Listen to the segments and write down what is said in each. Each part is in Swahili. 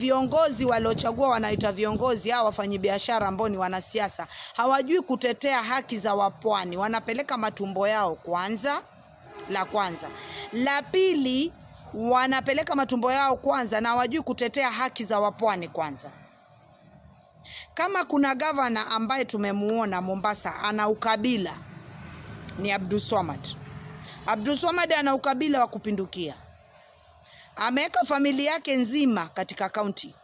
Viongozi waliochagua wanaita viongozi hao biashara ambao ni wanasiasa hawajui kutetea haki za wapwani, wanapeleka matumbo yao kwanza, la kwanza. La pili, wanapeleka matumbo yao kwanza na hawajui kutetea haki za wapwani kwanza. Kama kuna gavana ambaye tumemuona Mombasa ana ukabila ni Abdul Abdulswamad ana ukabila wa kupindukia ameweka familia yake nzima katika kaunti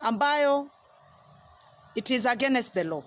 ambayo it is against the law.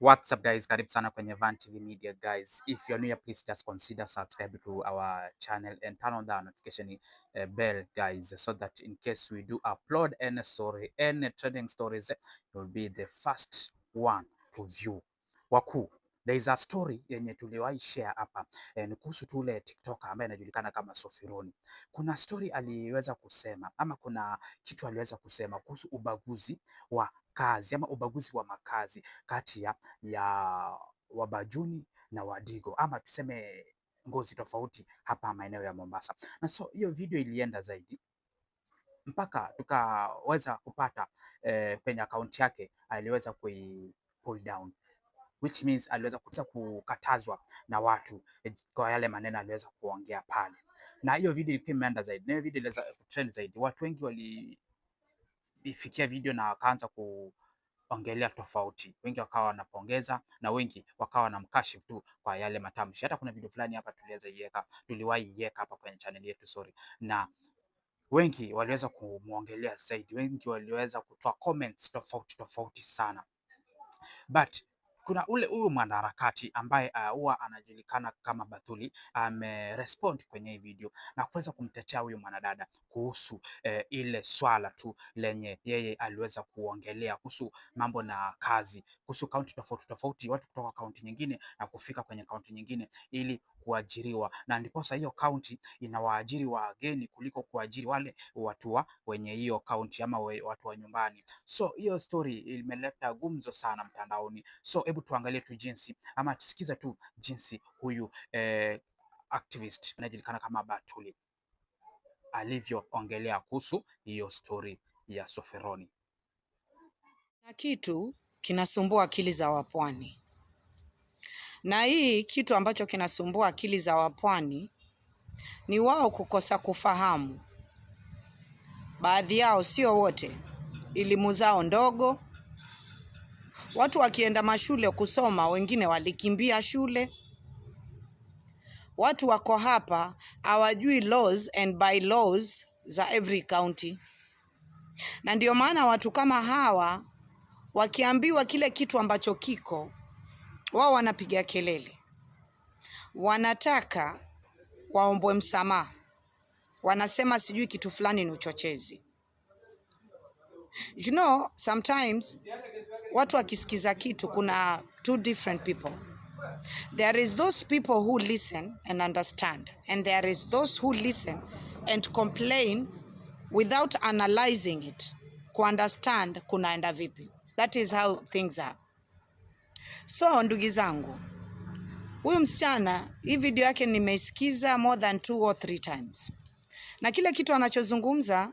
What's up guys, karibu sana kwenye Van TV Media guys. If you are new here, please just consider subscribe to our channel and turn on the notification eh, bell guys so that in case we do upload any story, any trending stories, you'll be the first one to view. Wakuu, There is a story yenye tuliwahi share hapa eh, ni kuhusu tu ule TikToker ambaye anajulikana kama Sofironi. Kuna story aliweza kusema ama kuna kitu aliweza kusema kuhusu ubaguzi wa kazi ama ubaguzi wa makazi kati ya ya Wabajuni na Wadigo ama tuseme ngozi tofauti hapa maeneo ya Mombasa. Na so hiyo video ilienda zaidi mpaka tukaweza kupata eh, kwenye akaunti yake aliweza kui pull down which means aliweza kuta kukatazwa na watu e, kwa yale maneno aliweza kuongea pale, na hiyo video ilikuwa imeenda zaidi, na hiyo video iliweza kutrend zaidi. Watu wengi walifikia video na wakaanza kuongelea tofauti, wengi wakawa wanapongeza na wengi wakawa wanamkashifu tu kwa yale matamshi. Hata kuna video fulani hapa tuliweza iweka, tuliwahi iweka hapa kwenye channel yetu, sorry, na wengi waliweza kumwongelea zaidi, wengi waliweza kutoa comments tofauti tofauti sana but kuna ule huyu mwanaharakati ambaye ah, huwa uh, anajulikana kama Bathuli amerespond kwenye hii video na kuweza kumtetea huyu mwanadada kuhusu eh, ile swala tu lenye yeye aliweza kuongelea kuhusu mambo na kazi, kuhusu kaunti tofauti tofauti, watu kutoka kaunti nyingine na kufika kwenye kaunti nyingine ili kuajiriwa, na ndiposa hiyo kaunti inawaajiri wageni kuliko kuajiri wale watu wa wenye hiyo kaunti ama we, watu wa nyumbani. So hiyo story imeleta gumzo sana mtandaoni. So hebu tuangalie tu jinsi ama tusikize tu jinsi huyu eh, activist anajulikana kama Batuli alivyoongelea kuhusu hiyo stori ya Soferoni. Na kitu kinasumbua akili za wapwani na hii kitu ambacho kinasumbua akili za wapwani ni wao kukosa kufahamu. Baadhi yao, sio wote, elimu zao ndogo. Watu wakienda mashule kusoma, wengine walikimbia shule. Watu wako hapa hawajui laws and bylaws za every county, na ndio maana watu kama hawa wakiambiwa kile kitu ambacho kiko wao wanapiga kelele, wanataka waombwe msamaha, wanasema sijui kitu fulani ni uchochezi. You know, sometimes watu wakisikiza kitu, kuna two different people. There is those people who listen and understand and there is those who listen and complain without analyzing it. Kuunderstand kunaenda vipi? That is how things are. So ndugu zangu, huyu msichana hii video yake nimeisikiza more than two or three times, na kile kitu anachozungumza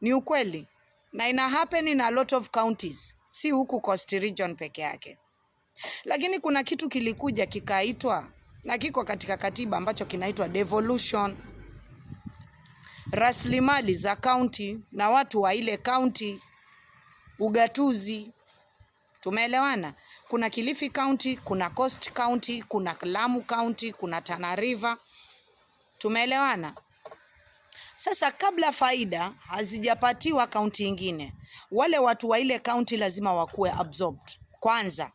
ni ukweli na ina happen in a lot of counties, si huku Coast region peke yake. Lakini kuna kitu kilikuja kikaitwa na kiko katika katiba ambacho kinaitwa devolution, rasilimali za kaunti na watu wa ile kaunti, ugatuzi. Tumeelewana? Kuna Kilifi County, kuna Coast County, kuna Lamu County, kuna Tana River. Tumeelewana? Sasa kabla faida hazijapatiwa kaunti ingine, wale watu wa ile kaunti lazima wakuwe absorbed kwanza,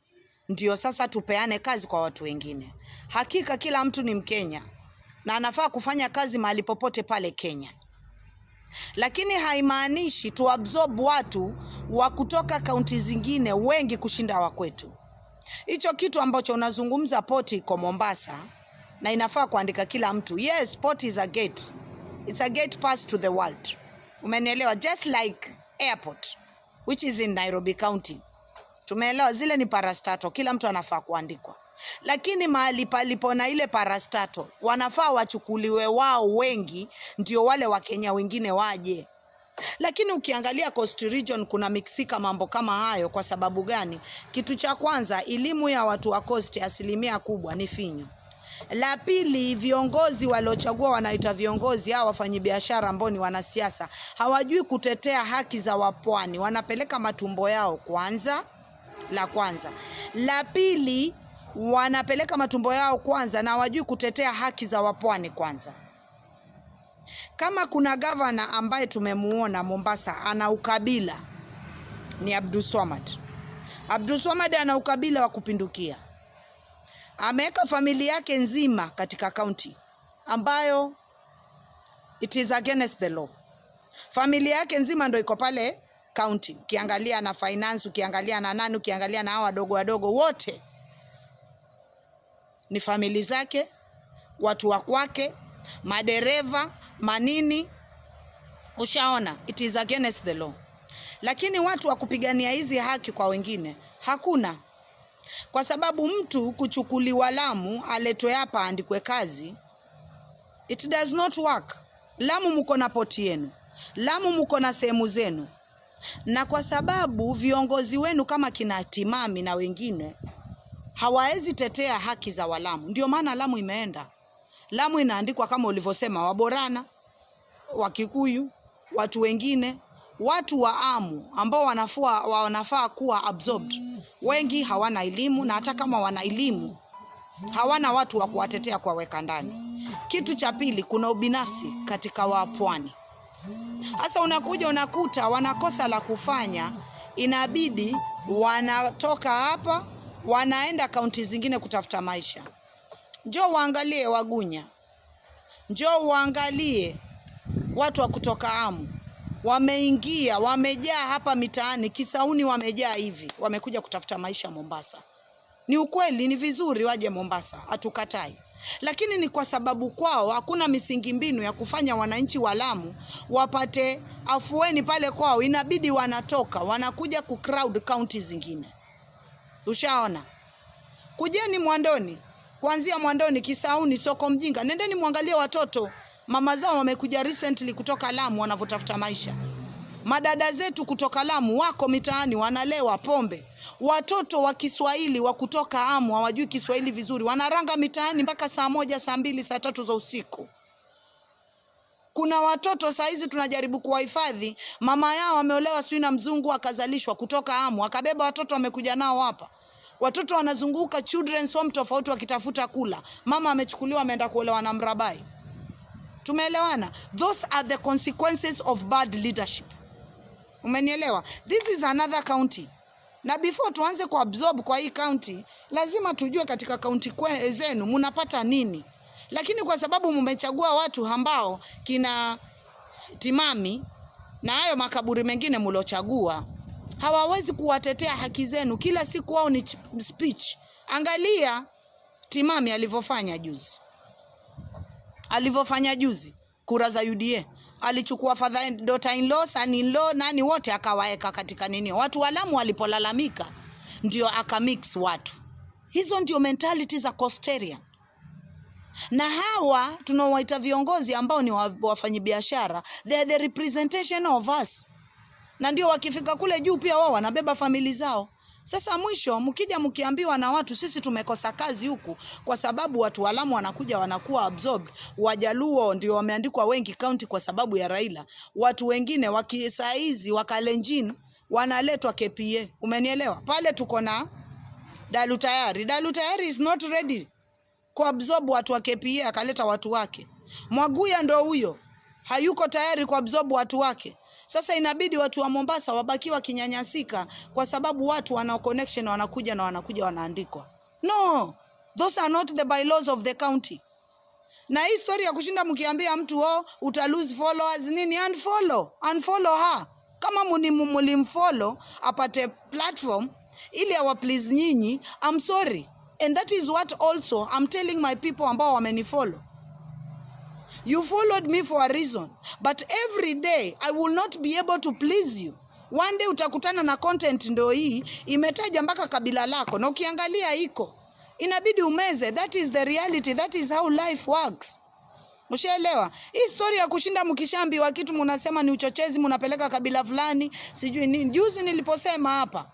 ndio sasa tupeane kazi kwa watu wengine. Hakika kila mtu ni Mkenya na anafaa kufanya kazi mahali popote pale Kenya, lakini haimaanishi tuabsorb watu wa kutoka kaunti zingine wengi kushinda wa kwetu. Hicho kitu ambacho unazungumza poti iko Mombasa na inafaa kuandika kila mtu. Yes, port is a gate. It's a gate pass to the world. Umenielewa? Just like airport which is in Nairobi County. Tumeelewa, zile ni parastato, kila mtu anafaa kuandikwa, lakini mahali palipo na ile parastato wanafaa wachukuliwe wao wengi, ndio wale Wakenya wengine waje. Lakini ukiangalia Coast Region kuna miksika mambo kama hayo. Kwa sababu gani? Kitu cha kwanza, elimu ya watu wa Coast asilimia kubwa ni finyu. La pili, viongozi waliochagua wanaita viongozi hao biashara ambao ni wanasiasa hawajui kutetea haki za wapwani, wanapeleka matumbo yao kwanza, la kwanza. La pili, wanapeleka matumbo yao kwanza na hawajui kutetea haki za wapwani kwanza. Kama kuna gavana ambaye tumemuona Mombasa ana ukabila ni Abdul Abdulswamad ana ukabila wa kupindukia, ameweka familia yake nzima katika kaunti ambayo it is against the law. Familia yake nzima ndo iko pale kaunti, ukiangalia na finance, ukiangalia na nani, ukiangalia na hao wadogo wadogo, wote ni famili zake, watu wa kwake, madereva manini, ushaona it is against the law. Lakini watu wa kupigania hizi haki kwa wengine hakuna, kwa sababu mtu kuchukuliwa Lamu aletwe hapa andikwe kazi, it does not work. Lamu mko na poti yenu, Lamu mko na sehemu zenu, na kwa sababu viongozi wenu kama kina Timami na wengine hawawezi tetea haki za Walamu, ndio maana Lamu imeenda Lamu inaandikwa kama ulivyosema, Waborana, Wakikuyu, watu wengine, watu wa Amu ambao wanafua, wanafaa kuwa absorbed. Wengi hawana elimu na hata kama wana elimu hawana watu wa kuwatetea kuwaweka ndani. Kitu cha pili, kuna ubinafsi katika wapwani. hasa unakuja unakuta wanakosa la kufanya, inabidi wanatoka hapa wanaenda kaunti zingine kutafuta maisha. Njoo waangalie Wagunya, njoo waangalie watu wa kutoka Amu wameingia, wamejaa hapa mitaani Kisauni, wamejaa hivi, wamekuja kutafuta maisha Mombasa. Ni ukweli, ni vizuri waje Mombasa, hatukatai, lakini ni kwa sababu kwao hakuna misingi mbinu ya kufanya wananchi wa Lamu wapate afueni pale kwao, inabidi wanatoka wanakuja ku crowd county zingine. Ushaona, kujeni Mwandoni kuanzia Mwandoni, Kisauni, soko Mjinga. Nendeni mwangalie watoto mama zao wamekuja recently kutoka Lamu wanavyotafuta maisha. Madada zetu kutoka Lamu wako mitaani wanalewa pombe. Watoto wa Kiswahili wa kutoka Amu hawajui Kiswahili vizuri, wanaranga mitaani mpaka saa moja, saa mbili, saa tatu za usiku. Kuna watoto saa hizi tunajaribu kuwahifadhi, mama yao ameolewa sijui na mzungu akazalishwa kutoka Amu, akabeba watoto, wamekuja nao hapa watoto wanazunguka children's home tofauti wakitafuta kula, mama amechukuliwa ameenda kuolewa na mrabai. Tumeelewana? Those are the consequences of bad leadership. Umenielewa? This is another county na before tuanze kuabsorb kwa hii kaunti, lazima tujue katika kaunti zenu mnapata nini. Lakini kwa sababu mmechagua watu ambao kina timami na hayo makaburi mengine mulochagua hawawezi kuwatetea haki zenu, kila siku wao ni speech. Angalia Timami alivyofanya juzi, alivyofanya juzi kura za UDA alichukua father daughter in law, son in law, nani wote akawaeka katika nini, watu walamu walipolalamika ndio akamix watu. Hizo ndio mentality za Costerian na hawa tunaowaita viongozi ambao ni wafanyibiashara they are the representation of us na ndio wakifika kule juu pia wao wanabeba famili zao. Sasa mwisho mkija mkiambiwa na watu sisi tumekosa kazi huku, kwa sababu watu walamu wanakuja wanakuwa absorbed. Wajaluo ndio wameandikwa wengi kaunti kwa sababu ya Raila. Watu wengine wakisaizi wakalenjin wanaletwa KPA, umenielewa? Pale tuko na Dalu tayari. Dalu tayari is not ready kuabsorb watu wa KPA, akaleta watu wake. Mwaguya ndo huyo hayuko tayari kuabsorb watu wake. Sasa inabidi watu wa Mombasa wabaki wakinyanyasika kwa sababu watu wana connection wanakuja na wanakuja wanaandikwa. No, those are not the bylaws of the county. Na hii story ya kushinda mkiambia mtu oh, uta lose followers nini, unfollow, unfollow ha. Kama muni mulimfollow apate platform ili awa please nyinyi, I'm sorry. And that is what also I'm telling my people ambao wamenifollow. You followed me for a reason, but every day I will not be able to please you. One day utakutana na content ndo hii imetaja mpaka kabila lako, na ukiangalia iko inabidi umeze. That is the reality, that is how life works. Mshaelewa hii story ya kushinda wa kitu munasema ni uchochezi, munapeleka kabila fulani sijui nini. Juzi niliposema hapa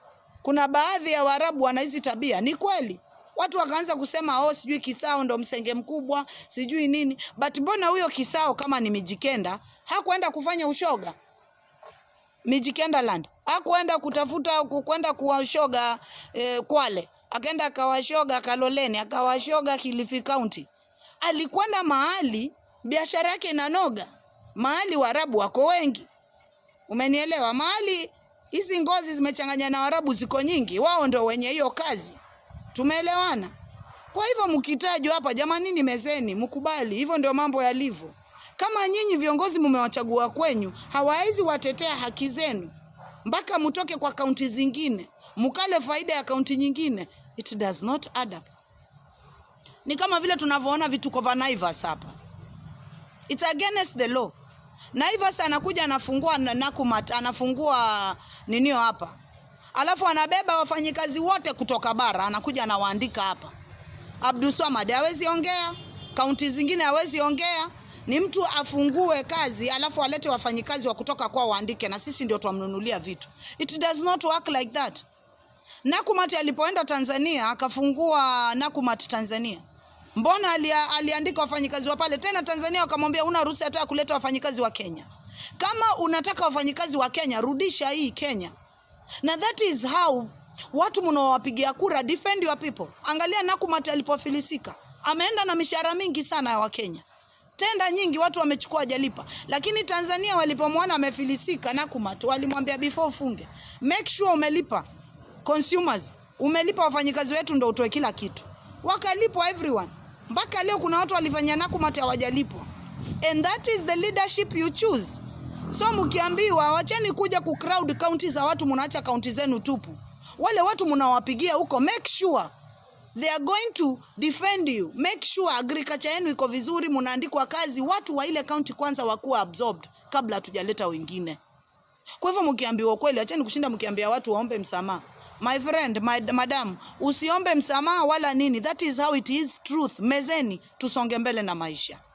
kuna baadhi ya Waarabu wana hizi tabia, ni kweli. Watu wakaanza kusema oh, sijui Kisao ndo msenge mkubwa sijui nini, but mbona huyo Kisao kama ni Mijikenda hakuenda kufanya ushoga Mijikenda land, hakuenda kutafuta kwenda kuwashoga eh, Kwale, akaenda akawashoga Kaloleni, akawashoga Kilifi County. Alikwenda mahali biashara yake inanoga, mahali Waarabu wako wengi, umenielewa, mahali hizi ngozi zimechanganya na Waarabu ziko nyingi, wao ndio wenye hiyo kazi. Tumeelewana? Kwa hivyo mkitajwa hapa, jamani, ni mezeni, mkubali, hivyo ndio mambo yalivyo. Kama nyinyi viongozi mmewachagua kwenyu, hawawezi watetea haki zenu mpaka mtoke kwa kaunti zingine mkale faida ya kaunti nyingine. It does not add up. Ni kama vile tunavyoona vituko vya Naivas hapa, it's against the law. Naivas anakuja anafungua Nakumatt, anafungua ninio hapa alafu anabeba wafanyikazi wote kutoka bara, anakuja anawaandika hapa. Abdul Abdulswamad hawezi ongea, kaunti zingine hawezi ongea. Ni mtu afungue kazi alafu alete wafanyikazi wa kutoka kwao waandike, na sisi ndio tuamnunulia vitu. It does not work like that. Nakumat alipoenda Tanzania akafungua Nakumat Tanzania, mbona alia, aliandika wafanyikazi wa pale tena Tanzania, wakamwambia una ruhusa hata kuleta wafanyikazi wa Kenya. Kama unataka wafanyikazi wa Kenya, rudisha hii Kenya na that is how watu mnaowapigia kura defend your people. Angalia Nakumatt alipofilisika, ameenda na mishahara mingi sana ya Wakenya, tenda nyingi watu wamechukua jalipa, lakini Tanzania walipomwona amefilisika Nakumatt walimwambia before funge, make sure umelipa consumers, umelipa wafanyikazi wetu, ndio utoe kila kitu. Wakalipwa everyone, mpaka leo kuna watu walifanya Nakumatt hawajalipwa, and that is the leadership you choose. So mkiambiwa wacheni kuja ku crowd county za watu, mnaacha county zenu tupu. Wale watu mnawapigia huko, make sure they are going to defend you. Make sure agriculture yenu iko vizuri, mnaandikwa kazi. Watu wa ile county kwanza wakuwa absorbed kabla hatujaleta wengine. Kwa hivyo mkiambiwa kweli, acheni kushinda mkiambia watu waombe msamaha. My friend, my, madam, usiombe msamaha wala nini. That is how it is truth. Mezeni tusonge mbele na maisha.